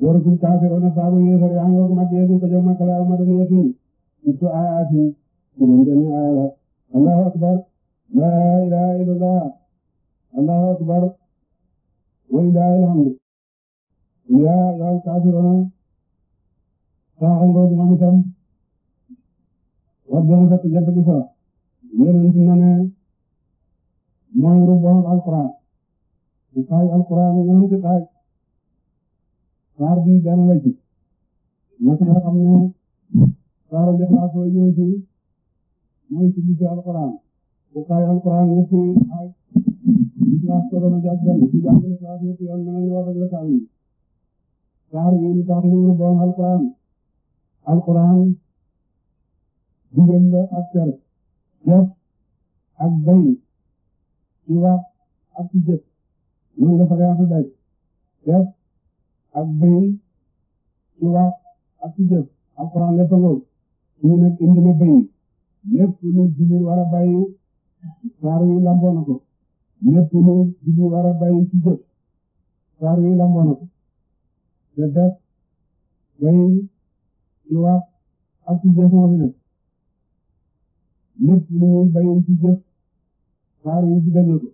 waratul kaafiruuna saabu yéefar yaa ngi mag yeesu ko jëm ak laa ma dem yeesu surtout aayaatin ci lu demee aaya la allahu akbar laa ilaha illallah allahu akbar wa lillahi alhamdu yaa yow kaafiruuna saaxangoog moom itam wax dëgg fekk jant bi so yonent na ne mooy ruboom alquran xaaj alquran ñeenti xaaj ñaar bi benn ci ñett nga xam ne saara ci mooy ci bisu alquran bu kaay alquran ñett ak ci jàng Ixlaas ñett yoon mën nañu wax ak la kaw yi saar yi lu tax mu bon alquran alquran digal la ak ter jëf ak bay ci ci jëf ñun ak bëy ci wax a ngoog ñu nekk indi na bëy lépp lu julli war a bàyyi saar wi lamboo na ko lépp lu julli war a bàyyi ci jëf saar wi lamboo wax ak ci jëf moo fi nekk lépp lu ñuy bàyyi ci jëf saar wi ci dañu ko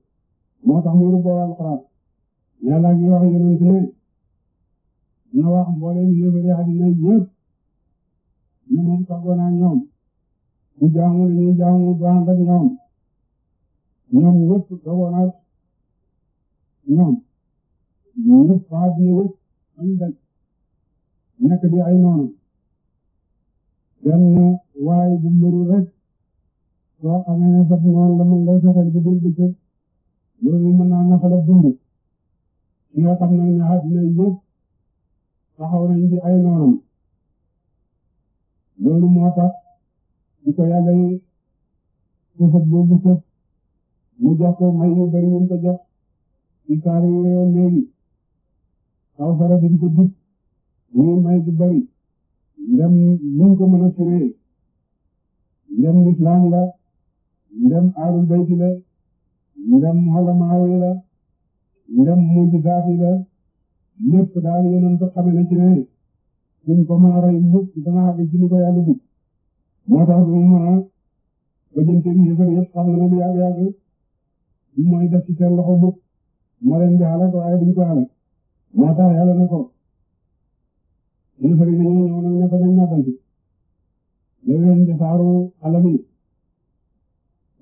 moo tax mu rubboo alxuraan yàlla ngi na wax mboolem yéefari àddina yépp ne moom tàggoo ñoom bu jaamu li ñoom ñoom ñëpp tàggoo ñoom ñëpp fa àddina yépp am daj nekk di ay noonu benn waaye bu mbëru rek soo amee mën lay fexeel bu dul bëccëg mën naa naxal ak dund ki nga xam ne àddina taxaw nañ ci ay noonam loolu moo tax di ko yàlla yi sëfat boobu sëf mu jox ko yu bari yum ko jox ci kaar yi weyoon kaw fara di ko dip muy may bu bari ndem luñ ko mën a suree ndem lislaam la ndem aarul bayti la ndem xolamaaw yi la ndem mujizaat yi la lépp daal yonent xame na ci ne duñ ko mën a rey mukk dana àgg ci li ko yàlla dig moo tax du mën a bëjanteeg yéefar yëpp xam na ne ko xalaat moo tax yàlla ne ko yéefar yi dañoo ñëw nag ne ko dañ nattanti la leen di saaru alam yi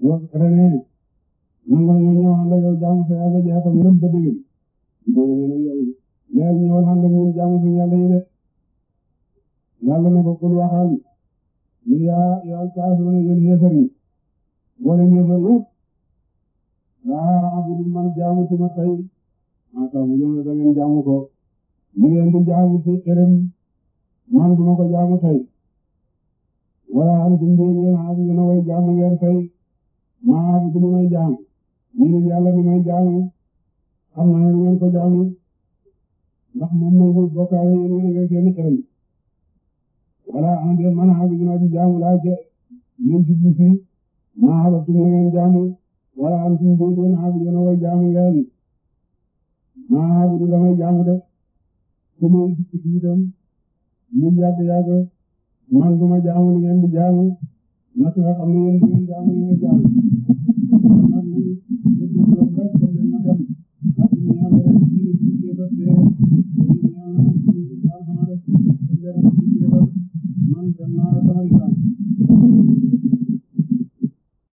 wax renee nangoo ñëw ànd ak yow jaamu mais ñëwoon ànd ak ñun jaamu suñu yàlla yi de yàlla na ko kul waxal ñu yaa yaa kaafiruun yéen yéefar yi boole yéefar yëpp laa abudu man jaamu tuma tey maa taabuduna da ngeen jaamu ko ñu ngeen di jaamu ci xërëm man duma ko jaamu tey wala antum di ngeen aabuduna way jaamu ngeen tey maa abudu may jaamu ñu ne yàlla mi may jaamu xam naa ngeen ko jaamu ndax moom mooy bokkaale yéen a ngi seen xërëm wala en tout cas man xaaral dinaa ci jaamu maa xabatum na ngeen wala am suñu doon xaaral way jaamu ngeen maa xaaral damay jaamu de su ma jublu si itam ñu yàgg yàgg man du ma jaamu ngeen di man